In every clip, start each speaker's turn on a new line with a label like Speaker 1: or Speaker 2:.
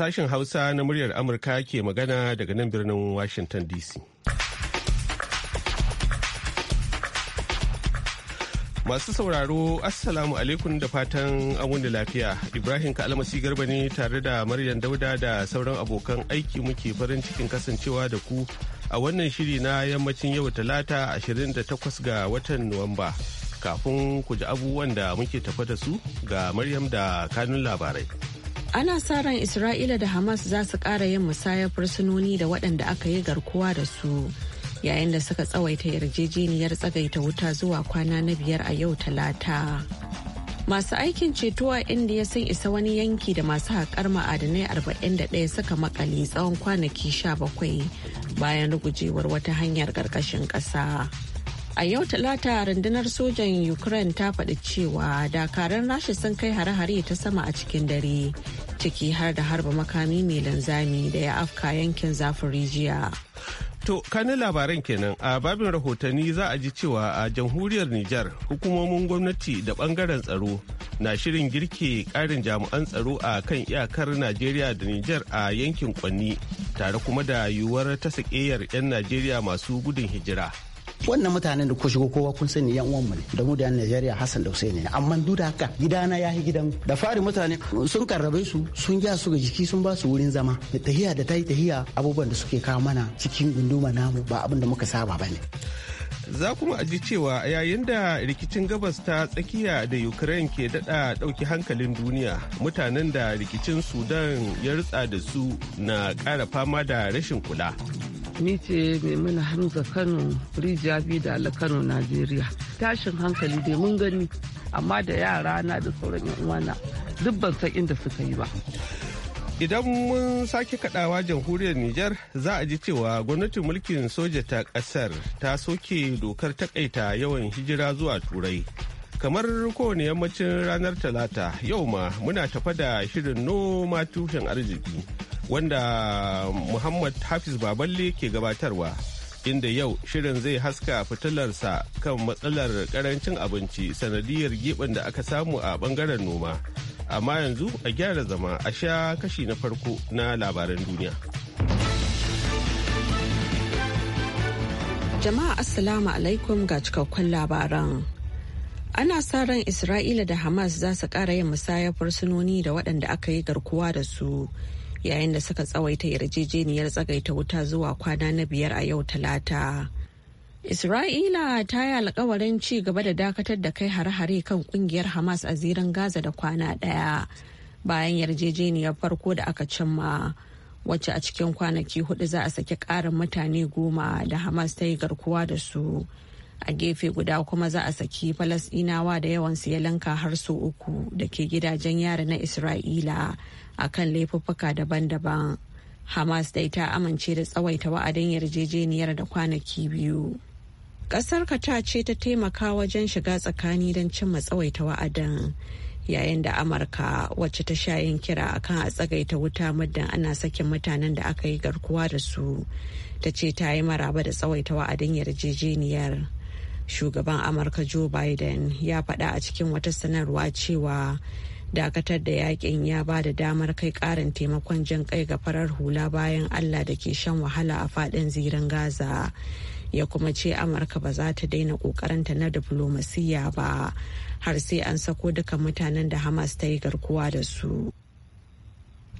Speaker 1: Sashen Hausa na muryar Amurka ke magana daga nan birnin Washington DC. Masu sauraro, Assalamu alaikum da fatan da lafiya. Ibrahim Kalmasi Garba ne tare da Maryam Dauda da sauran abokan aiki muke farin cikin kasancewa da ku a wannan shiri na yammacin yau talata 28 ga watan Nuwamba. Kafin ku ji abubuwan da muke tafa da su ga Maryam da kanun labarai.
Speaker 2: ana sa ran isra'ila da hamas za su kara yin musayar fursunoni da waɗanda aka yi garkuwa da su yayin da suka tsawaita yarjejeniyar tsagaita wuta zuwa kwana na biyar a yau talata masu aikin ceto a indiya sun isa wani yanki da masu haƙar ma'adanai 41 suka makale tsawon kwanaki 17 bayan rugujewar wata hanyar ƙarƙashin ƙasa. A yau talata rundunar sojan Ukraine ta faɗi cewa dakaran rasha sun kai hare-hare ta sama a cikin dare, ciki har da harba makami mai linzami da ya afka yankin Zafirijiya.
Speaker 1: To, kanin labaran kenan a babin rahotanni za a ji cewa a jamhuriyar Nijar hukumomin gwamnati da bangaren tsaro na shirin girke karin jami'an tsaro a kan iyakar Najeriya da Nijar a yankin kwanni tare kuma da yiwuwar ta 'yan Najeriya masu gudun hijira.
Speaker 3: wannan mutanen da ko shigo kowa kun sani yan uwan mu ne da mu da Najeriya Hassan da Hussein ne amma duk da haka gidana ya yi gidan da fari mutane sun karrabe su sun ja su ga jiki sun ba su wurin zama da tahiya da tai tahiya abubuwan da suke kawo mana cikin gunduma namu ba abin da muka saba bane
Speaker 1: za kuma aji cewa yayin da rikicin gabas ta tsakiya da ukraine ke dada dauki hankalin duniya mutanen da rikicin sudan ya rutsa da su na kara fama da rashin kula
Speaker 4: ni ce maimuna hamza kano rijiya biyu da ala kano najeriya tashin hankali dai mun gani amma da yara na da sauran yan uwana duk ban san inda suka yi ba
Speaker 1: idan mun sake kadawa jamhuriyar niger za a ji cewa gwamnatin mulkin soja ta kasar ta soke dokar takaita yawan hijira zuwa turai kamar kowane yammacin ranar talata yau ma muna tafa da shirin noma tushen arziki wanda muhammad hafiz baballe ke gabatarwa inda yau shirin zai haska fitilarsa kan matsalar karancin abinci sanadiyar gibin da aka samu a bangaren noma amma yanzu a gyara zama a sha kashi na farko na labaran duniya
Speaker 2: jama'a assalamu alaikum ga cikakkun labaran ana sa ran isra'ila da hamas za su ƙara yin musayar fursunoni da waɗanda aka yi garkuwa da su yayin da suka tsawaita yarjejeniyar tsagaita wuta zuwa kwana na biyar a yau talata isra'ila ta yi alkawarin ci gaba da dakatar da kai hare-hare kan kungiyar hamas a ziran gaza da kwana ɗaya bayan yarjejeniyar farko da aka cimma wacce a cikin kwanaki hudu za a saki ƙarin mutane goma da hamas ta yi garkuwa da su. a gefe guda kuma za a saki falasɗinawa da yawan ya lanka har su uku da ke gidajen yari na isra'ila a kan laifuffuka daban-daban hamas dai ta amince da tsawaita wa'adin yarjejeniyar da kwanaki biyu ƙasar ta ce ta taimaka wajen shiga tsakani don cimma tsawaita wa'adin yayin da amurka wacce ta sha yin kira akan a tsagaita wuta muddin ana sakin mutanen da aka yi garkuwa da su ta ce ta yi maraba da tsawaita wa'adin yarjejeniyar shugaban amurka joe biden ya faɗa a cikin wata sanarwa cewa dakatar da yakin ya ba da damar kai karin taimakon jan kai ga farar hula bayan allah da ke shan wahala a faɗin zirin gaza ya kuma ce amurka ba za ta daina kokarinta na diflomasiyya ba har sai an sako duka mutanen da hamas ta yi garkuwa da su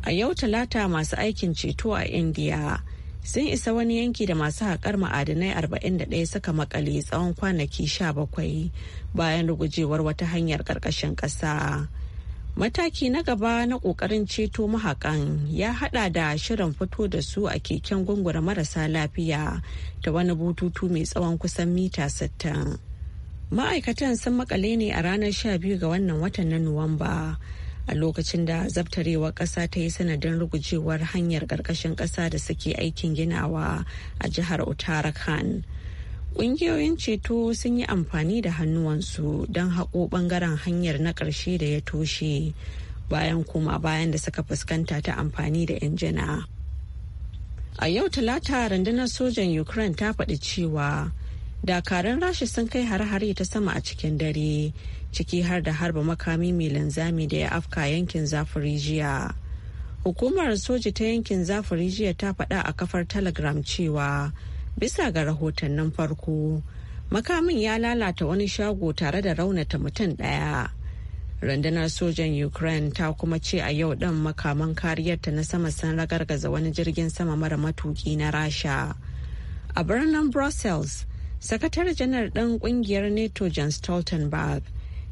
Speaker 2: a yau talata masu aikin ceto a india sun isa wani yanki da masu haƙar ma'adinai 41 suka makale tsawon kwanaki 17 bayan rugujewar wata hanyar ƙarƙashin ƙasa. Mataki na gaba na ƙoƙarin ceto mahaƙan ya haɗa da shirin fito da su a keken gungura marasa lafiya ta wani bututu mai tsawon kusan mita 60. Ma'aikatan sun makale ne a ranar 12 ga wannan watan na Nuwamba. a lokacin da zabtarewar ƙasa ta yi sanadin rugujewar hanyar ƙarƙashin ƙasa da suke aikin ginawa a jihar uttarakhand ƙungiyoyin ceto sun yi amfani da hannuwansu don haƙo ɓangaren hanyar na ƙarshe da ya toshe bayan kuma bayan da suka fuskanta ta amfani da injina a yau talata rundunar sojan ukraine ta faɗi cewa dakarun rashi sun kai hare-hare ta sama a cikin dare ciki har da harba makami mai linzami da ya afka yankin zafirijiya hukumar soji ta yankin zafirijiya ta faɗa a kafar telegram cewa bisa ga rahoton nan farko makamin ya lalata wani shago tare da raunata mutum ɗaya rundunar sojan ukraine ta kuma ce a yau ɗan makaman kariyarta na sama sun ragargaza wani jirgin sama mara matuki na rasha a birnin brussels sakatar janar ɗan ƙungiyar nato john stoltenberg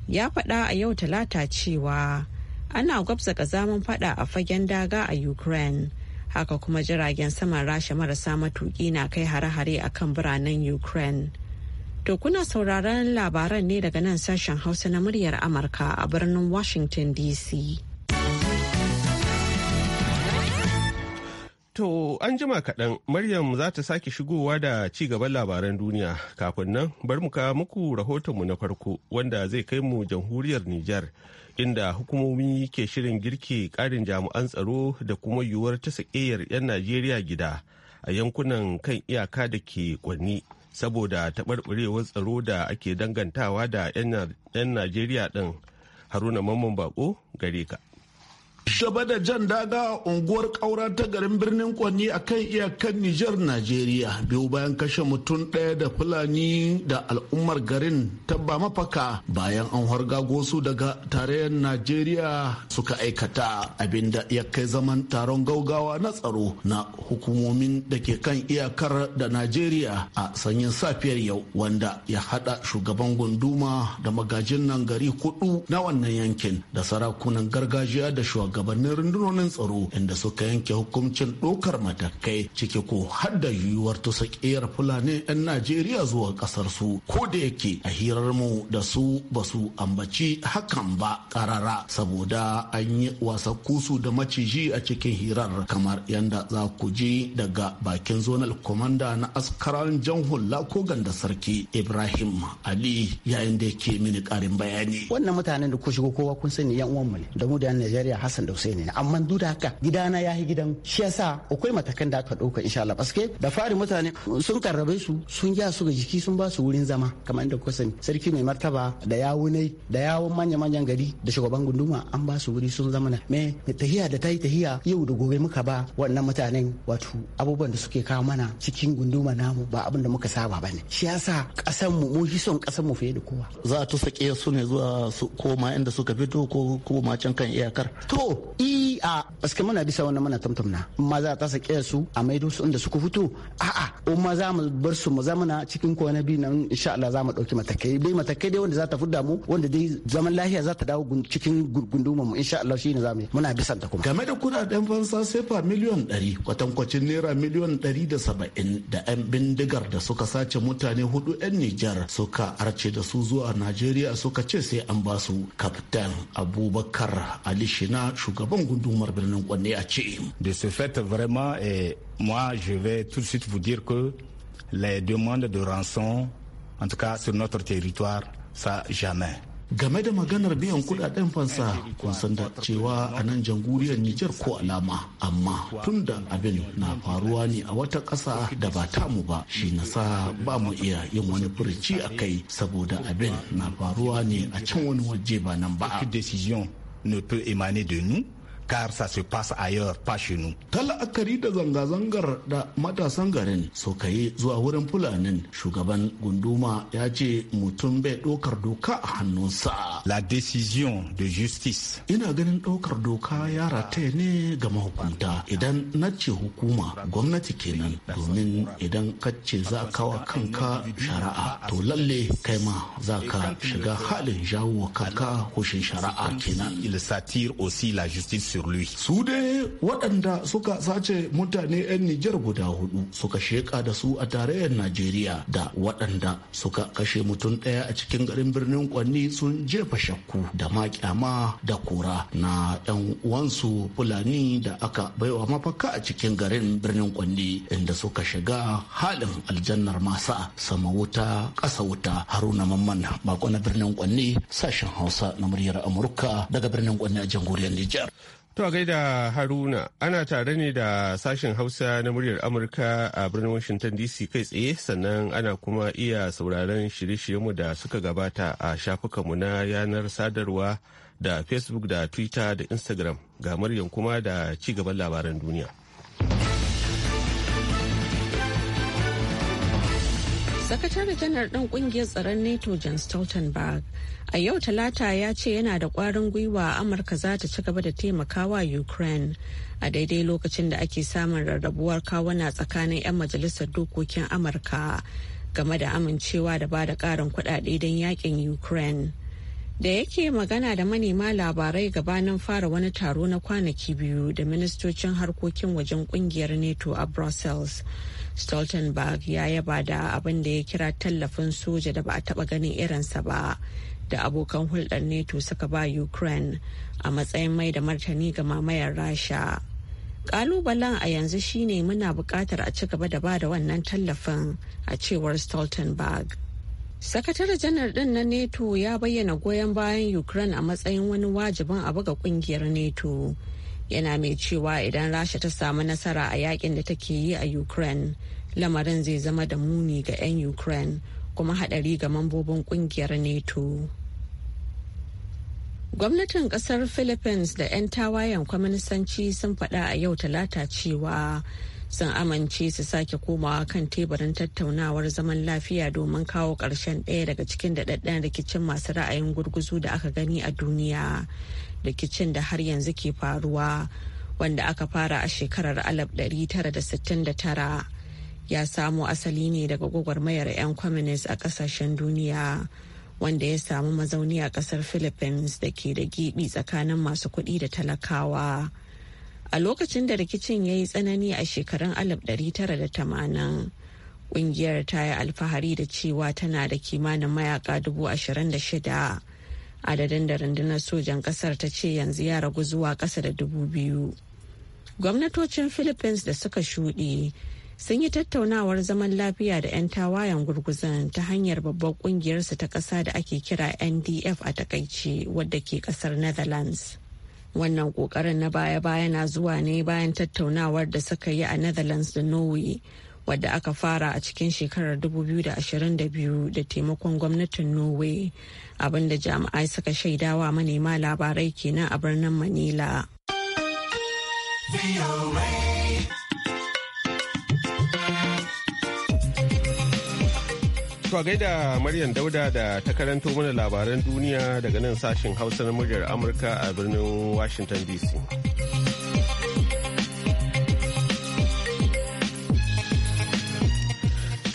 Speaker 2: ya faɗa a yau talata cewa ana gwabza zaman faɗa a fagen daga a ukraine haka kuma jiragen saman rasha marasa matuƙi na kai hare-hare a kan biranen ukraine to kuna sauraron labaran ne daga nan sashen hausa na muryar amurka a birnin washington dc
Speaker 1: To an jima kaɗan Maryam za ta sake shigowa da ci gaban labaran duniya kafin nan bar mu kawo muku rahotonmu na farko wanda zai kai mu jamhuriyar Nijar inda hukumomi ke shirin girki ƙarin jami'an tsaro da kuma yiwuwar ta sakeyar 'yan Najeriya gida a yankunan kan iyaka da ke kwanni saboda taɓarɓarewar tsaro da ake dangantawa da 'yan Najeriya ɗin Haruna Mamman Bako gare ka.
Speaker 5: shaba da jan daga unguwar ƙaura ta garin birnin Kwanni a kan iyakar Nijar Najeriya biyu bayan kashe mutum ɗaya da Fulani da al'ummar garin ta ba mafaka bayan an hargago su daga tarayyar Najeriya suka aikata abinda ya kai zaman taron gaugawa na tsaro na hukumomin da ke kan iyakar da Najeriya a sanyin safiyar yau wanda ya hada shugaban gunduma da magajin nan gari kudu na wannan yankin da sarakunan gargajiya da shugaban shugabannin rundunonin tsaro inda suka yanke hukuncin ɗaukar matakai ciki ko hadda yiwuwar tusa ƙiyar fulani 'yan najeriya zuwa ƙasar su ko da yake a hirar mu da su ba su ambaci hakan ba ƙarara saboda an yi wasa kusu da maciji a cikin hirar kamar yadda za ku ji daga bakin zonal komanda na askaran jan hula ko ganda sarki ibrahim ali yayin da yake mini ƙarin bayani
Speaker 3: wannan mutanen da ku shigo kowa kun sani yan uwanmu ne da mu da yan najeriya hassan dausai ne amma duk da haka gidana ya yi gidan shi yasa akwai matakan da aka dauka insha Allah baske da fari mutane sun karrabe su sun ya su ga jiki sun ba su wurin zama kamar inda kuka sani sarki mai martaba da ne da yawun manya-manyan gari da shugaban gunduma an ba su wuri sun zama na me tahiya da ta yi tahiya yau da gobe muka ba wannan mutanen wato abubuwan da suke kawo mana cikin gunduma namu ba abin da muka saba ba ne shi yasa kasan mu mun son kasan mu fiye da kowa
Speaker 5: za a tusa su ne zuwa su koma
Speaker 3: inda suka fito ko kuma can kan iyakar to i e, a paske muna bisa wannan muna tamtamna amma za ta sake su a maido su inda suka fito a'a o ma za mu bar su mu zamana cikin kwana biyu nan insha Allah za mu dauki matakai dai matakai dai wanda za ta fudda mu wanda dai zaman lafiya za ta dawo cikin gunduma mu insha Allah shine za mu muna bisan ta kuma game
Speaker 5: da kudaden
Speaker 3: fansa sefa
Speaker 5: miliyon 100 kwatankwacin naira miliyon 170 da yan bindigar da suka sace mutane hudu yan Nijar suka arce da su zuwa Najeriya suka ce sai an ba su kaftan Abubakar Ali Shina shugaban gundumar birnin kwanne a ce de ce fait vraiment et eh, moi je vais tout de suite vous dire que les demandes de rançon en tout cas sur notre territoire ça jamais game da maganar biyan kudaden fansa kun san da cewa a nan jamhuriyar Nijar ko alama amma tun da abin na faruwa ne a wata ƙasa da ba tamu ba shi na sa ba mu iya yin wani furici a kai saboda abin na faruwa ne a can wani waje ba nan ba. ne peut émaner de nous, car ça se passe ailleurs pas chez nous ta la'akari da zanga-zangar da matasan garin suka yi zuwa wurin fulanin shugaban gunduma ya ce mutum bai ɗaukar doka a hannunsa la décision de justice ina ganin ɗaukar doka ya rataya ne ga mahukunta idan na ce hukuma gwamnati kenan domin idan ka ce za kawa kanka shari'a to lalle kai ma za ka shiga halin jawo kanka hushin shari'a kenan il satire aussi la justice sur su dai waɗanda suka sace mutane 'yan Nijar guda hudu suka sheka da su a tarayyar Najeriya da waɗanda suka kashe mutum ɗaya a cikin garin birnin Kwanni sun jefa shakku da ma kyama da kura na 'yan uwansu Fulani da aka baiwa mafaka a cikin garin birnin Kwanni inda suka shiga halin aljannar masa sama wuta ƙasa wuta Haruna Mamman bako na birnin Kwanni sashen Hausa na muryar Amurka daga birnin Kwanni a jamhuriyar Nijar.
Speaker 1: To a gaida Haruna ana tare ne da sashen Hausa na muryar Amurka a birnin Washington DC kai tsaye sannan ana kuma iya sauraron shirye-shiryenmu da suka gabata a mu na yanar sadarwa da Facebook da Twitter da Instagram ga Maryam kuma da ci gaban labaran duniya.
Speaker 2: sakatare janar ɗin ƙungiyar tsaron nato john stoltenberg a yau talata ya ce yana da ƙwarin gwiwa amurka za ta ci gaba da taimakawa ukraine a daidai lokacin da ake samun rarrabuwar kawuna tsakanin 'yan majalisar dokokin amurka game da amincewa da ba da ƙarin kuɗaɗe don yakin ukraine da yake magana da manema labarai gabanin fara wani taro na kwanaki biyu da ministocin harkokin wajen kungiyar nato a brussels stoltenberg ya yaba da abin da ya kira tallafin soja da ba a taba ganin irinsa ba da abokan hulɗar NATO suka ba ukraine a matsayin mai da martani ga mamayar rasha Ƙalubalen a yanzu shine muna buƙatar a ci gaba da ba da wannan tallafin a cewar stoltenberg sakatare janar din na NATO ya bayyana goyon bayan ukraine a matsayin wani wajibin a buga ƙungiyar NATO. yana mai cewa idan rasha ta samu nasara a yakin da take yi a ukraine lamarin zai zama da muni ga 'yan ukraine kuma hadari ga mambobin kungiyar nato gwamnatin kasar philippines da 'yan tawayen kwaminisanci sun faɗa a yau talata cewa sun amince su sake komawa kan teburin tattaunawar zaman lafiya domin kawo ƙarshen ɗaya daga cikin daɗaɗɗen rikicin masu ra'ayin gurguzu da aka gani a duniya rikicin da har yanzu ke faruwa wanda aka fara a shekarar 1969 ya samo asali ne daga gwagwarmayar 'yan communist a kasashen duniya wanda ya samu mazauni a kasar philippines da ke da gibi tsakanin masu kuɗi da talakawa a lokacin da rikicin ya yi tsanani a shekarun 1980 ƙungiyar ta yi alfahari da cewa tana da kimanin mayaka shida. adadin da rundunar sojan kasar ta ce yanzu ya ragu zuwa kasa da dubu biyu gwamnatocin philippines da suka shuɗe sun yi tattaunawar zaman lafiya da 'yan tawayen gurguzan ta hanyar babbar ƙungiyarsu ta ƙasa da ake kira ndf a takaice wadda ke ƙasar netherlands wannan ƙoƙarin na baya-baya na zuwa ne bayan tattaunawar da suka yi a netherlands da norway wadda aka fara a cikin shekarar 2022 da taimakon gwamnatin norway abinda jami'ai suka shaidawa manema labarai kenan a birnin manila
Speaker 1: To gaida Maryam Dauda da ta karanto mana labaran duniya daga nan sashen Hausa na muryar Amurka a birnin Washington DC.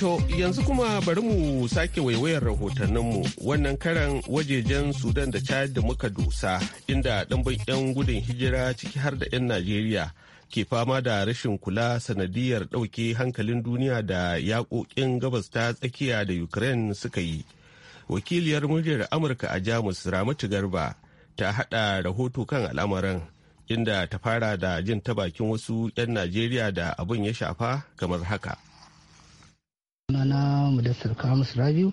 Speaker 1: To yanzu kuma bari mu sake waiwayar rahotanninmu wannan karan wajejen Sudan da Chad da muka dusa inda ɗimbin 'yan gudun hijira ciki har da 'yan Najeriya ke fama da rashin kula sanadiyar ɗauke hankalin duniya da yaƙoƙin gabas ta tsakiya da Ukraine suka yi. Wakiliyar muryar Amurka a Jamus Ramatu Garba ta haɗa rahoto kan al'amarin inda ta fara da jin ta bakin wasu 'yan Najeriya da abin ya shafa kamar haka.
Speaker 3: na mudassar kamus rabiu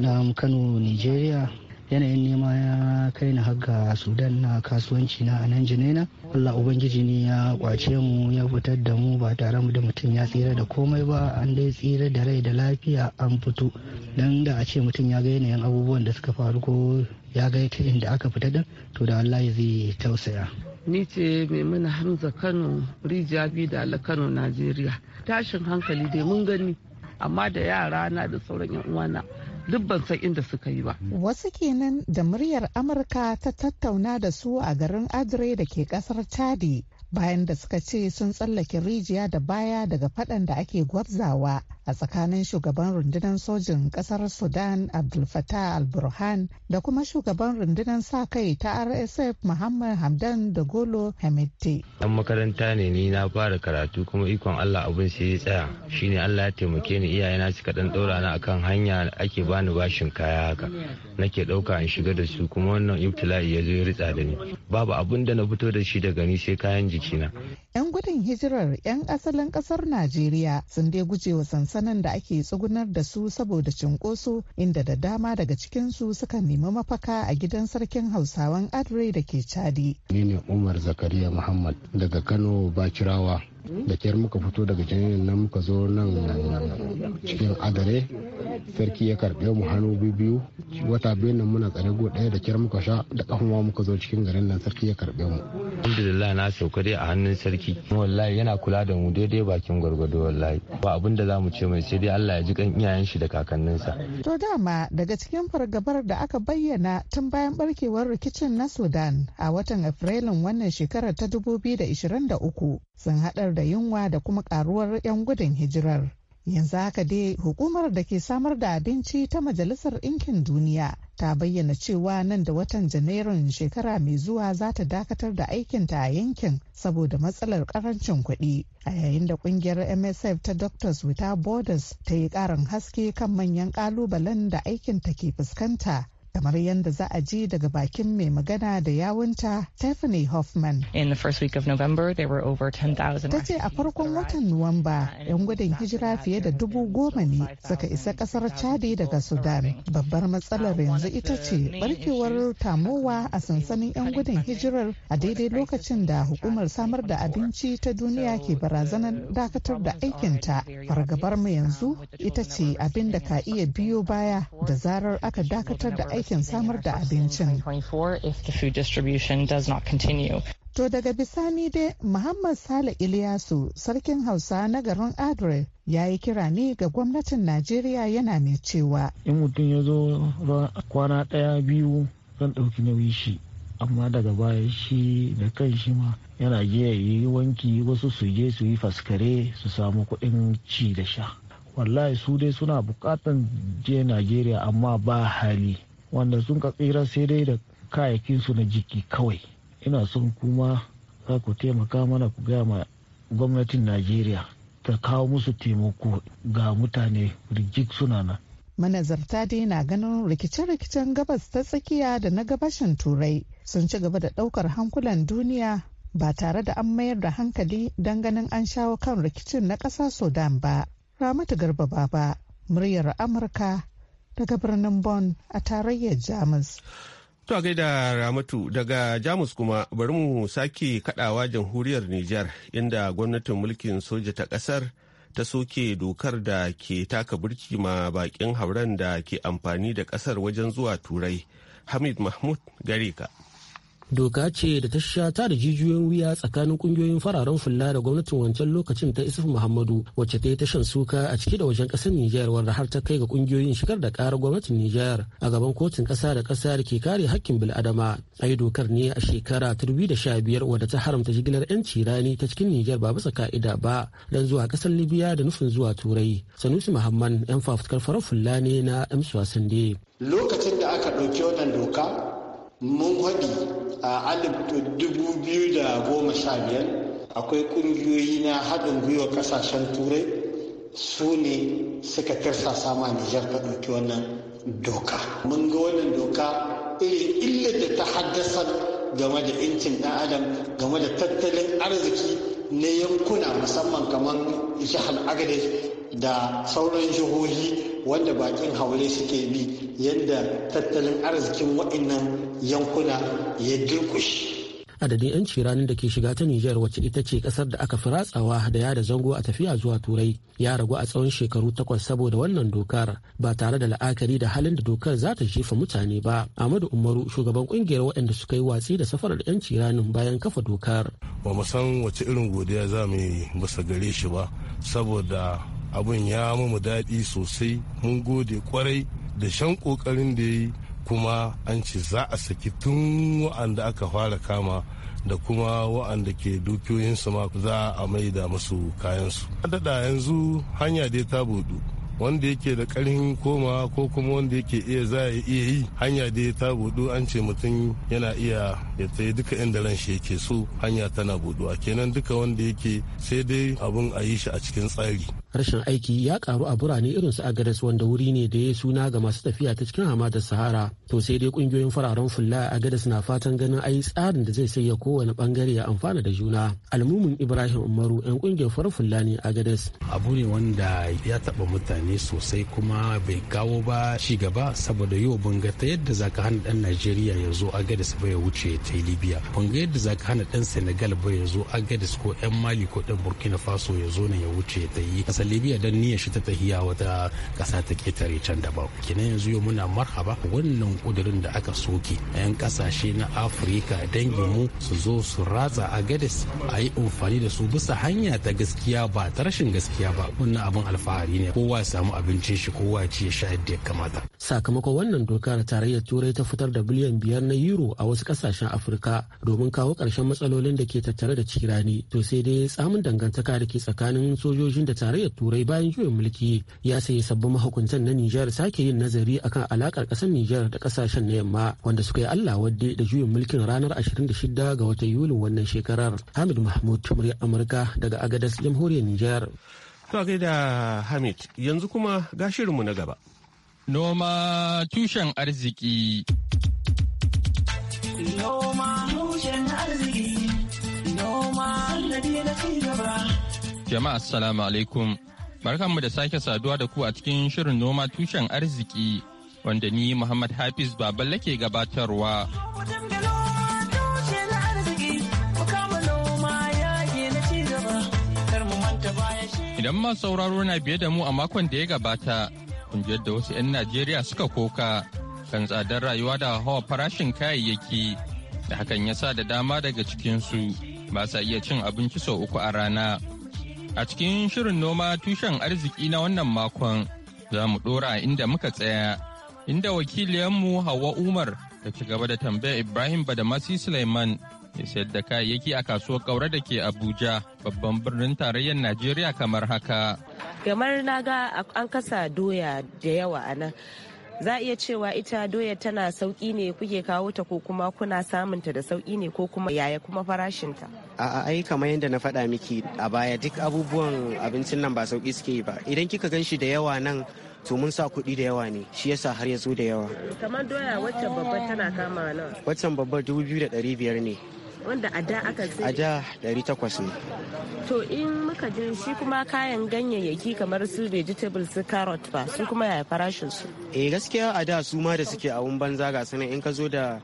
Speaker 3: na kano nigeria yanayin nema ya kai ni har sudan na kasuwanci na a nan jinena allah ubangiji ne ya kwace mu ya fitar da mu ba tare mu da mutum ya tsira da komai ba an dai tsira da rai da lafiya an fito don da a ce mutum ya ga yanayin abubuwan da suka faru ko ya ga ta inda aka fita din to da allah zai tausaya
Speaker 4: ni ce maimuna hamza kano rijiya bi da kano najeriya tashin hankali dai mun gani amma da yara na da sauran yan uwana duk ban san inda suka yi ba.
Speaker 6: Wasu kenan da muryar Amurka ta tattauna da su a garin Adre da ke kasar Chadi bayan da suka ce sun tsallake rijiya da baya daga faɗan da ake gwabzawa a tsakanin shugaban rundunar sojin kasar sudan abdul fattah al-burhan da kuma shugaban rundunar sa kai ta rsf muhammad hamdan da golo hamidti
Speaker 7: dan makaranta ne ni na fara karatu kuma ikon allah abin sai ya tsaya shine allah ya taimake ni iyaye na suka dan daura na akan hanya ake bani bashin kaya haka nake dauka in shiga da su kuma wannan ibtila'i ya zo ya ritsa da ni babu abun da na fito da shi daga ni sai kayan jikina
Speaker 6: yan gudun hijirar yan asalin kasar najeriya sun dai gujewa sansa sanan da ake tsugunar da su saboda cinkoso inda da dama daga cikinsu suka nemi mafaka a gidan sarkin hausawan adre da ke chadi.
Speaker 3: Ni ne Umar Zakariya Muhammad daga Kano Bakirawa da kyar muka fito daga jinin nan muka zo nan cikin adare sarki ya karbe mu hannu biyu wata biyu nan muna tsare go daya da kyar muka sha da kafin muka zo cikin garin nan sarki ya karbe mu
Speaker 7: alhamdulillah na sauka a hannun sarki wallahi yana kula da mu daidai bakin gwargwado wallahi ba abin da zamu ce mai sai dai Allah ya ji kan iyayen shi da kakanninsa
Speaker 6: to dama daga cikin fargabar da aka bayyana tun bayan barkewar rikicin na Sudan a watan Afrilun wannan shekarar ta 2023 sun hadar da yunwa da kuma karuwar 'yan gudun hijirar yanzu haka dai hukumar da ke samar da abinci ta majalisar ɗinkin duniya ta bayyana cewa nan da watan janairun shekara mai zuwa za ta dakatar da aikinta a yankin saboda matsalar karancin kuɗi a yayin da kungiyar msf ta doctors without borders ta yi ƙarin haske kan manyan ƙalubalen da aikinta ke fuskanta kamar yadda za a ji daga bakin mai magana da yawunta Tiffany Hoffman.
Speaker 8: In the first week of November, there were over 10,000.
Speaker 6: Ta ce a farkon watan Nuwamba, 'yan gudun hijira fiye da dubu goma ne suka isa kasar Chadi daga Sudan. Um, Babbar matsalar yanzu ita ce barkewar tamowa a sansanin 'yan gudun hijirar a daidai lokacin da hukumar samar da abinci ta duniya ke barazanar dakatar da aikinta. Fargabar mu yanzu um, ita ce abin da ka iya biyo baya da zarar aka dakatar da aikin aikin samar da abincin. To daga bisani dai Muhammad Sale Iliyasu sarkin Hausa na garin Adre ya yi kira ne ga gwamnatin Najeriya yana mai cewa. In mutum ya zo kwana ɗaya biyu zan ɗauki nauyi shi
Speaker 5: amma daga baya shi da kan shi ma yana je ya yi wanki wasu su je su yi faskare su samu kuɗin ci da sha wallahi su dai suna buƙatan je najeriya amma ba hali wanda sun ka tsira sai dai da su na jiki kawai ina son kuma za ku taimaka mana ku gaya ma gwamnatin najeriya ta kawo musu taimako ga mutane rigik suna nan
Speaker 6: manazarta dai na ganin rikice-rikicen gabas ta tsakiya da na gabashin turai sun ci gaba da daukar hankulan duniya ba tare da an mayar da hankali don ganin an shawo kan rikicin na ƙasa sudan ba ramatu garba baba muryar amurka daga birnin Bonn a tarayyar Jamus.
Speaker 1: To gaida Ramatu daga Jamus kuma bari mu sake kadawa jamhuriyar Nijar inda gwamnatin mulkin soja ta kasar ta soke dokar da ke taka burki ma bakin hauren da ke amfani da kasar wajen zuwa turai. Hamid Mahmud gare ka.
Speaker 9: doka ce da ta sha ta da jijiyoyin wuya tsakanin kungiyoyin fararen fulla da gwamnatin wancan lokacin ta isuf muhammadu wacce ta yi ta shan suka a ciki da wajen kasar nijar wanda har ta kai ga kungiyoyin shigar da karar gwamnatin nijar a gaban kotun kasa da kasa da ke kare hakkin bil'adama a yi dokar ne a shekara ta dubu da sha biyar wadda ta haramta jigilar yanci rani ta cikin nijar ba bisa ka'ida ba dan zuwa kasar libya da nufin zuwa turai sanusi muhammad yan fafutukar farar fulla ne na amsu
Speaker 5: lokacin da aka ɗauki wannan doka mun kwadi a dubu biyu da goma sha biyar akwai kungiyoyi na haɗin gwiwa ƙasashen turai su ne suka tirsasa ma nijar ta ɗauki wannan doka mun ga wannan doka irin illar da ta haddasa game da incin ɗan adam game da tattalin arziki na yankuna musamman kamar jihar agadez da sauran jihohi wanda bakin haure suke bi yadda tattalin arzikin waɗannan yankuna ya durkushi.
Speaker 9: adadin 'yanci ranar da ke shiga ta Nijar wacce ita ce kasar da aka fi ratsawa da yada zango a tafiya zuwa turai ya ragu a tsawon shekaru takwas saboda wannan dokar ba tare da la'akari da halin da dokar za ta jefa mutane ba Ahmadu Umaru shugaban kungiyar waɗanda suka yi watsi da safarar 'yanci rani bayan kafa dokar
Speaker 5: ba mu san wace irin godiya za mu yi bisa gare shi ba saboda abin ya mu daɗi sosai mun gode kwarai da shan ƙoƙarin da ya yi kuma an ce za a saki tun wa'anda aka fara kama da kuma wa'anda ke dukiyoyinsu ma za a maida masu kayansu. Daɗa yanzu hanya dai ta budu wanda yake da ƙarfin koma ko kuma wanda yake iya za a iya yi hanya dai ta budu an ce mutum yana iya ya tsaye duka inda ran shi yake so hanya tana buduwa kenan duka wanda yake sai dai abun a yi shi a cikin tsari.
Speaker 9: rashin aiki ya karu a birane irin su agadas wanda wuri ne da ya suna ga masu tafiya ta cikin hamadar sahara to sai dai kungiyoyin fararen fulla a agadas na fatan ganin ayi tsarin da zai sanya kowane bangare ya amfana da juna almumin ibrahim umaru yan kungiyar
Speaker 5: farar fulla ne agadas abu ne wanda ya taba mutane sosai kuma bai kawo ba ci gaba saboda yau banga ta yadda zaka hana dan najeriya ya zo agadas ba ya wuce ta libya banga yadda zaka hana dan senegal ba ya zo agadas ko yan mali ko dan burkina faso ya zo ne ya wuce ta yi kasar libya don niyyar shi ta tahiya wata kasa ta ketare can da kinan kenan yanzu yau muna marhaba wannan kudurin da aka soke yan kasashe na afirka dangin mu su zo su ratsa a gadis a yi amfani da su bisa hanya ta gaskiya ba ta rashin gaskiya ba wannan abin alfahari ne kowa ya samu abincin shi kowa ya ci ya sha yadda ya kamata
Speaker 9: sakamakon wannan doka da tarayyar turai ta fitar da biliyan biyar na euro a wasu kasashen afirka domin kawo ƙarshen matsalolin da ke tattare da cirani to sai dai tsamin dangantaka da ke tsakanin sojojin da tarayyar turai bayan juyin mulki ya sayi sabbin mahukuntan na nijar sake yin nazari akan alakar kasar nijar da kasashen na yamma wanda suka yi allah wadde da juyin mulkin ranar 26 ga watan yulin wannan shekarar hamid mahmud muryar amurka daga agadas
Speaker 1: jamhuriyar nijar to da hamid yanzu kuma ga na gaba
Speaker 7: noma tushen arziki
Speaker 8: noma tushen arziki noma sannadi na ci gaba
Speaker 7: Jama'a assalamu alaikum. Barkanmu da sake saduwa da ku a cikin shirin noma tushen arziki wanda ni Muhammad Hafiz baban lake gabatarwa. Idan ma sauraro na biye da mu a makon da ya gabata, kungiyar da wasu 'yan Najeriya suka koka kan tsadar rayuwa da hawa farashin kayayyaki da hakan ya sa da dama daga cikinsu ba sa iya cin abinci sau uku a rana. A cikin shirin noma tushen arziki na wannan makon za mu ɗora inda muka tsaya, inda wakiliyanmu hawa Umar ta ci gaba da tambayar Ibrahim Badamasi Suleiman ya sayar da kayayyaki a kasuwar ƙaura da ke Abuja babban birnin tarayyar Najeriya kamar haka.
Speaker 4: Kamar na ga an kasa doya da yawa a nan. za a iya cewa ita doya tana sauki ne kuke kawo ta ko kuma kuna samunta da sauki ne ko kuma yaya kuma farashinta
Speaker 10: a'a ai kamar yadda na faɗa miki a baya duk abubuwan abincin nan ba sauki suke yi ba idan kika gan shi da yawa nan to mun sa kuɗi da yawa ne shi yasa har yazo da yawa
Speaker 4: kamar doya waccan babbar tana kama nan
Speaker 10: waccan babbar dubu biyu da ɗari biyar ne wanda a da aka sai a da 800 ne
Speaker 4: to in muka je shi kuma kayan ganyayyaki kamar su vegetables su carrot ba su kuma yaya farashin su
Speaker 10: eh gaskiya a da su ma da suke a wun banza ga sanan in ka zo da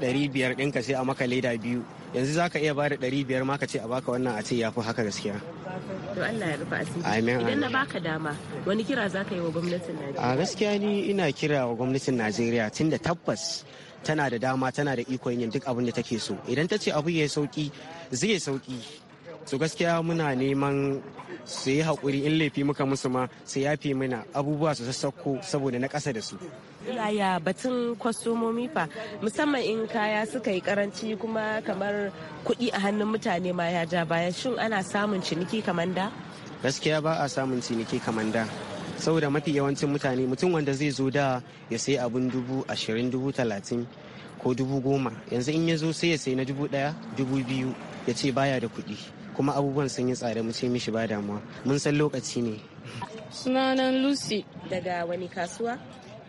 Speaker 10: 500 ka sai a maka leda biyu yanzu za ka iya ba da ɗari biyar ma ka ce a baka wannan a ce ya fi haka gaskiya.
Speaker 4: To Allah ya rufa asiri. Amin. Idan na baka dama wani kira za ka yi wa gwamnatin Najeriya? A
Speaker 10: gaskiya ni ina kira wa gwamnatin Najeriya tun da tabbas tana da dama tana da ikon yin duk abin da take so idan ta ce abu ya sauki zai sauki su gaskiya muna neman su yi haƙuri in laifi muka musu ma su yafe mana abubuwa su sassauko saboda na ƙasa da su.
Speaker 4: Yaya batun kwastomomi fa musamman in kaya suka yi karanci kuma kamar kuɗi a hannun mutane ma ya ja baya shin ana samun ciniki kamanda.
Speaker 10: Gaskiya ba a samun ciniki kamanda. saboda mafi yawancin mutane mutum wanda zai zo da ya sai abin dubu ashirin dubu talatin ko dubu goma yanzu in ya zo sai ya sai na dubu daya dubu biyu ya ce baya da kuɗi kuma abubuwan sun yi tsada mu ce mishi ba damuwa mun san lokaci ne
Speaker 4: sunanan lucy daga wani kasuwa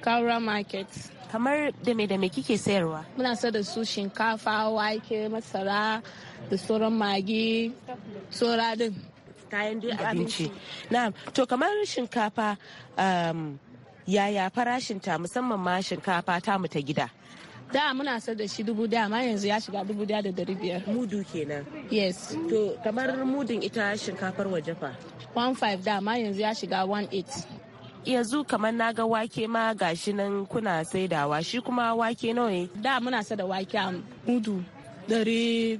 Speaker 4: kaura market kamar da me da me kike sayarwa muna sayar da su shinkafa wake masara da sauran magi sora kayan dai abinci na'am to kamar shinkafa um, yaya farashin ta musamman ma shinkafa ta mu ta gida da muna sa da shi dubu da amma yanzu ya shiga dubu da dari biyar mudu kenan yes to kamar mudun ita shinkafar waje fa 1.5 da amma yanzu ya shiga 1.8 yanzu kamar na ga wake ma gashi nan kuna saidawa shi kuma wake nawa ne da muna da wake a mudu dari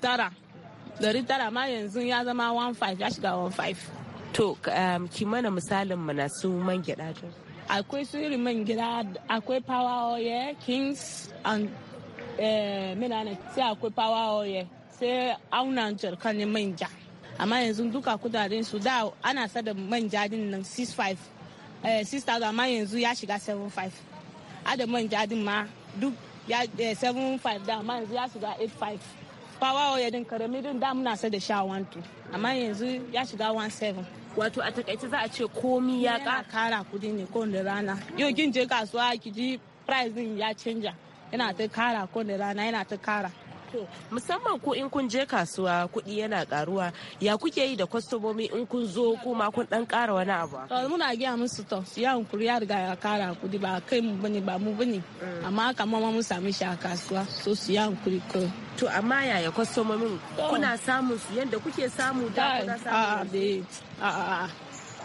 Speaker 4: tara Dari tara ma yanzu ya zama 1.5 ya shiga 1.5. To um, ki mana misalin mana su man gyaɗa Akwai su irin man gida akwai power oil, kings and eh, menene sai akwai power oil sai aunan jarkan manja. Amma yanzu duka kudaden su da ana sada manja din nan 6.5 6,000 eh, amma yanzu ya shiga 7.5 adamin jadin ma duk 7.5 eh, da amma yanzu ya shiga 8.5 fawa ya din karami din da muna sa da sha wantu amma yanzu ya shiga 17 wato a takaice za a ce komi ya kara kudi ne kowane rana yau gin je kasuwa ki ji price din ya canja yana ta kara kowane rana yana ta kara musamman ku in kun je kasuwa kuɗi yana karuwa ya kuke yi da kwastomomi in kun zo kuma kun dan kara wani abu muna giya musu to su ya hunkuri ya riga ya kara kuɗi ba kai mu bane ba mu bane mm. amma haka ma mun sami shi a kasuwa so su ya hunkuri ko to amma yaya kwastomomin kuna samun su yadda kuke samu da kuna samu a a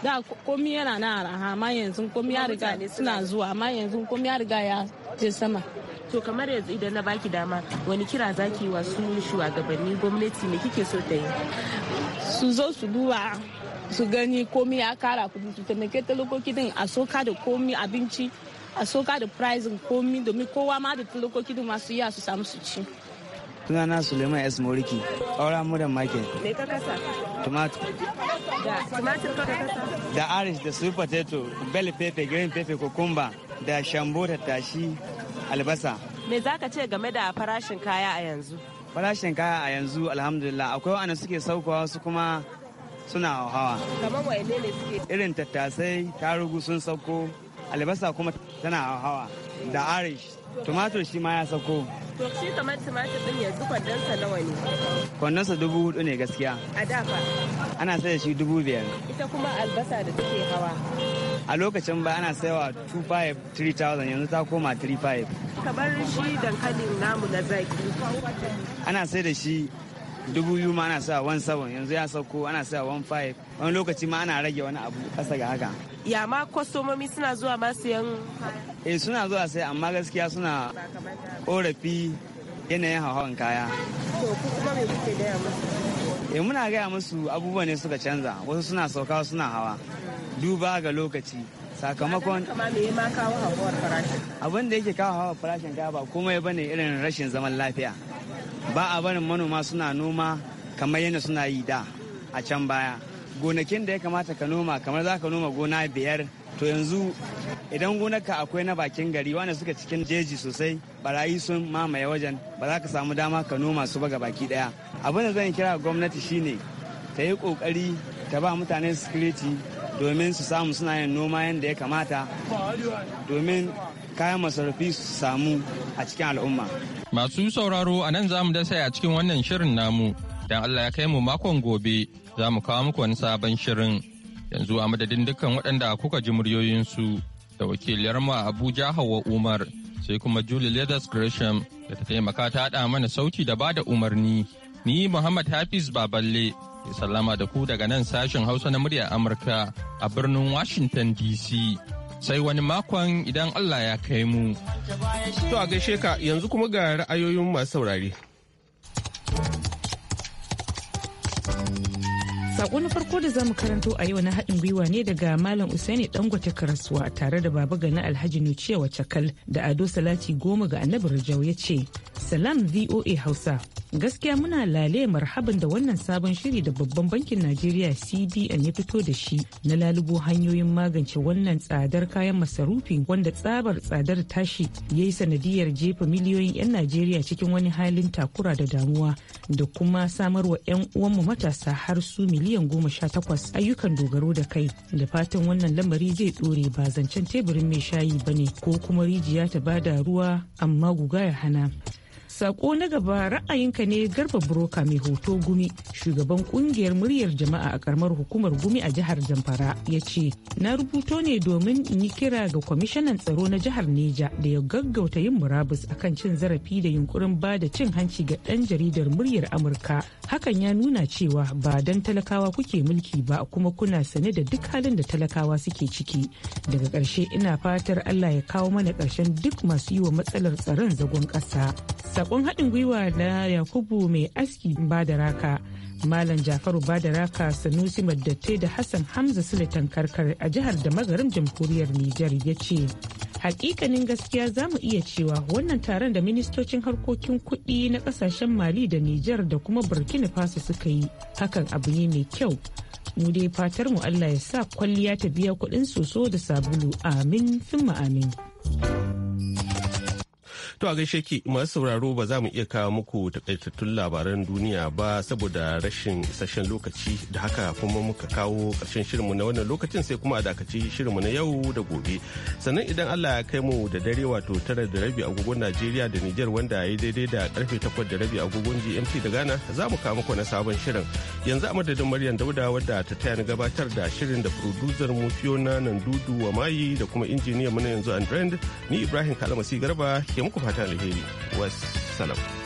Speaker 4: da komi yana na araha amma yanzu komi ya riga suna zuwa amma yanzu komi ya riga ya je sama to kamar yanzu idan na baki dama wani kira zaki wa su shugabanni gwamnati ne kike so ta yi su zo su duba su gani komi ya kara kudi su taimake talakoki din a soka da komi abinci a soka da pricing komi domin kowa ma da talakoki din masu yi su samu su ci
Speaker 11: sunana suleiman s moriki Aura mudan market me ka kasa tumatur
Speaker 4: da tumatur ka kasa
Speaker 11: da arish da sweet potato bell pepper green pepper cucumber da shambo da tashi albasa
Speaker 4: me za ka ce game da farashin kaya a yanzu
Speaker 11: farashin kaya a yanzu alhamdulillah akwai wanda suke saukowa su kuma suna hawa kamar ne suke irin tattasai tarugu sun sauko albasa kuma tana hawa da arish tumatur shi ma ya sako
Speaker 4: to shi kamar tumatur din yanzu kwandonsa nawa ne
Speaker 11: kwandonsa dubu hudu ne gaskiya a dafa ana sai da shi dubu biyar
Speaker 4: ita kuma albasa da take hawa
Speaker 11: a lokacin ba ana saiwa 2,500 3,000 yanzu ta koma 3,500
Speaker 4: kamar shi dankalin namu na zaki
Speaker 11: ana sai da shi dubu biyu ma ana sa 17 yanzu ya sauko ana sa five wani lokaci ma ana rage wani abu kasa ga haka
Speaker 4: ya ma kwastomomi suna zuwa ma siyan
Speaker 11: eh suna zuwa sai amma gaskiya suna korafi yanayin hauhawan kaya kuma eh muna gaya musu abubuwa ne suka canza wasu suna sauka suna hawa duba ga lokaci sakamakon abin da yake kawo hawa farashin kaya ba komai bane irin rashin zaman lafiya ba a barin manoma suna noma kamar yadda suna yi da a can baya gonakin da ya kamata ka noma kamar za ka noma gona biyar to yanzu idan gonarka akwai na bakin gari wanda suka cikin jeji sosai barayi sun mamaye wajen ba za ka samu dama ka noma su ba ga baki daya abin da zan kira gwamnati shine ta yi kokari ta ba mutane sikiriti domin su samu suna yin noma yadda ya kamata domin kayan masarufi su samu a cikin al'umma.
Speaker 7: Masu sauraro a nan za mu dasa a cikin wannan shirin namu. don Allah ya kai mu makon gobe za mu kawo muku wani sabon shirin. Yanzu a madadin dukkan waɗanda kuka ji muryoyinsu da wakiliyar mu a Abuja Hauwa Umar sai kuma Julie Leathers Gresham da ta taimaka ta haɗa mana sauti da bada umarni. Ni Muhammad Hafiz Baballe ke sallama da ku daga nan sashen Hausa na muryar Amurka a birnin Washington DC. sai wani makon idan Allah ya kai mu.
Speaker 8: To a gaishe
Speaker 1: ka yanzu kuma ga ra'ayoyin masu saurare.
Speaker 8: Sako na farko da zamu karanto a yau na haɗin gwiwa ne daga Malam Usaini Dangote Karasuwa tare da Baba Gani Alhaji Nuciya Wacakal da Ado Salati Goma ga Annabi Rajau ya ce, Salam VOA Hausa. Gaskiya muna lale marhaban da wannan sabon shiri da babban bankin Najeriya CBN ya fito da shi na lalubo hanyoyin magance wannan tsadar kayan masarufi wanda tsabar tsadar tashi ya yi sanadiyar jefa miliyoyin 'yan Najeriya cikin wani halin takura da damuwa da kuma samarwa 'yan uwanmu matasa har su miliyan miliyan goma sha takwas ayyukan dogaro da kai da fatan wannan lamari zai dore ba zancen teburin mai shayi ba ne ko kuma rijiya ta bada ruwa amma guga ya hana Sako na gaba ra'ayinka ne garba broka mai hoto gumi shugaban kungiyar muryar jama'a a karamar hukumar gumi a jihar Zamfara ya ce na rubuto ne domin in yi kira ga kwamishinan tsaro na jihar Neja da ya gaggauta yin murabus a kan cin zarafi da yunkurin ba da cin hanci ga ɗan jaridar muryar Amurka. Hakan ya nuna cewa ba dan talakawa kuke mulki ba kuma kuna sane da duk halin da talakawa suke ciki. Daga ƙarshe ina fatar Allah ya kawo mana ƙarshen duk masu yi wa matsalar tsaron zagon ƙasa. sakon haɗin gwiwa na yakubu mai aski badaraka malam jafaru badaraka sanusi maddatai da hassan hamza sultan karkar a jihar da magarin jamhuriyar nijar ya ce hakikanin gaskiya za mu iya cewa wannan taron da ministocin harkokin kuɗi na ƙasashen mali da nijar da kuma burkina faso suka yi hakan abu ne mai kyau mu dai fatar mu allah ya sa kwalliya ta biya kuɗin soso da sabulu amin fin amin.
Speaker 1: To a gaishe ki masu sauraro ba za mu iya kawo muku takaitattun labaran duniya ba saboda rashin isasshen lokaci da haka kuma muka kawo ƙarshen shirinmu na wannan lokacin sai kuma a dakaci shirinmu na yau da gobe. Sannan idan Allah ya kai mu da dare wato tara da rabi agogon Najeriya da Nijar wanda ya yi daidai da karfe takwas da rabi agogon GMT da Ghana za mu kawo muku na sabon shirin. Yanzu a madadin Maryam Dauda wadda ta taya ni gabatar da shirin da producer mu Fiona Nandudu wa Mayi da kuma injiniyan mu na yanzu Andrand ni Ibrahim Kalamasi Garba ke muku fatan alheri wassalam